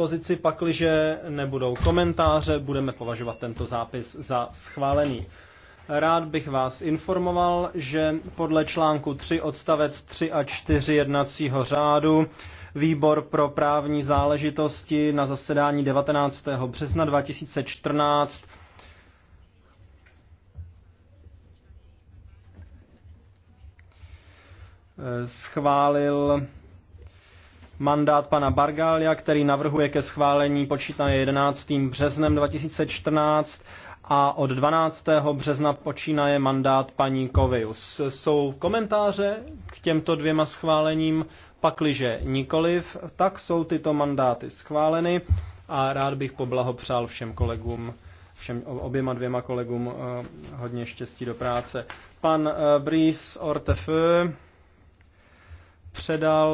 dispozici, pakliže nebudou komentáře, budeme považovat tento zápis za schválený. Rád bych vás informoval, že podle článku 3 odstavec 3 a 4 jednacího řádu Výbor pro právní záležitosti na zasedání 19. března 2014 schválil mandát pana Bargalia, který navrhuje ke schválení počítaje 11. březnem 2014 a od 12. března počínaje mandát paní Kovius. Jsou komentáře k těmto dvěma schválením, pakliže nikoliv, tak jsou tyto mandáty schváleny a rád bych poblahopřál všem kolegům, všem oběma dvěma kolegům eh, hodně štěstí do práce. Pan eh, Brice Ortefe předal